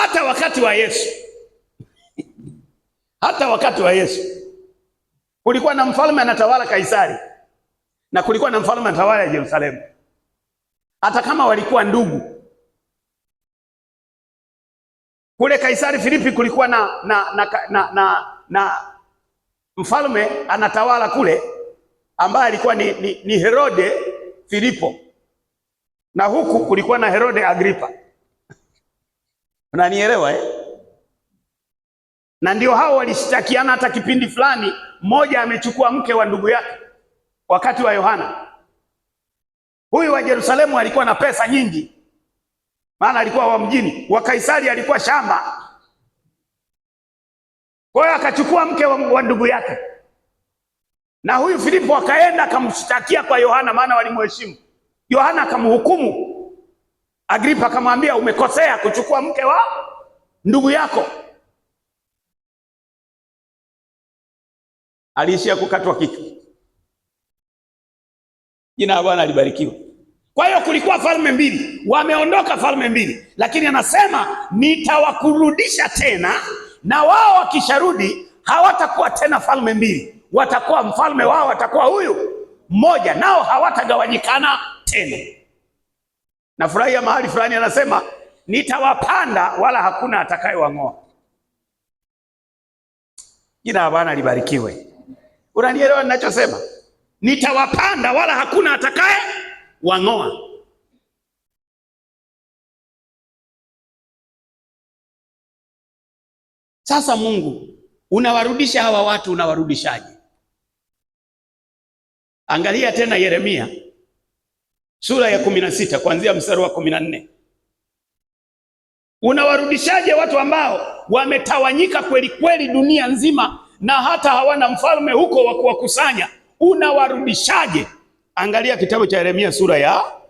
hata wakati wa Yesu, hata wakati wa Yesu kulikuwa na mfalme anatawala Kaisari, na kulikuwa na mfalme anatawala ya Yerusalemu, hata kama walikuwa ndugu. Kule Kaisari Filipi kulikuwa na, na, na, na, na, na mfalme anatawala kule ambaye alikuwa ni, ni, ni Herode Filipo, na huku kulikuwa na Herode Agripa. Unanielewa eh? Na ndio hao walishtakiana hata kipindi fulani, mmoja amechukua mke wa ndugu yake wakati wa Yohana. Huyu wa Yerusalemu alikuwa na pesa nyingi, maana alikuwa wa mjini, wa Kaisari alikuwa shamba. Kwa hiyo akachukua mke wa ndugu yake, na huyu Filipo akaenda akamshtakia kwa Yohana, maana walimheshimu Yohana, akamhukumu Agripa akamwambia umekosea kuchukua mke wa ndugu yako. Aliishia kukatwa kichwa. Jina la Bwana alibarikiwa. Kwa hiyo kulikuwa falme mbili, wameondoka falme mbili, lakini anasema nitawakurudisha tena, na wao wakisharudi hawatakuwa tena falme mbili, watakuwa mfalme wao watakuwa huyu mmoja, nao hawatagawanyikana tena na furahia mahali fulani anasema nitawapanda wala hakuna atakayewang'oa. Jina la Bwana libarikiwe. Unanielewa ninachosema? Nitawapanda wala hakuna atakaye wang'oa. Sasa Mungu unawarudisha hawa watu, unawarudishaje? Angalia tena Yeremia sura ya kumi na sita kuanzia mstari wa kumi na nne. Unawarudishaje watu ambao wametawanyika kweli kweli dunia nzima na hata hawana mfalme huko wa kuwakusanya? Unawarudishaje? Angalia kitabu cha Yeremia sura ya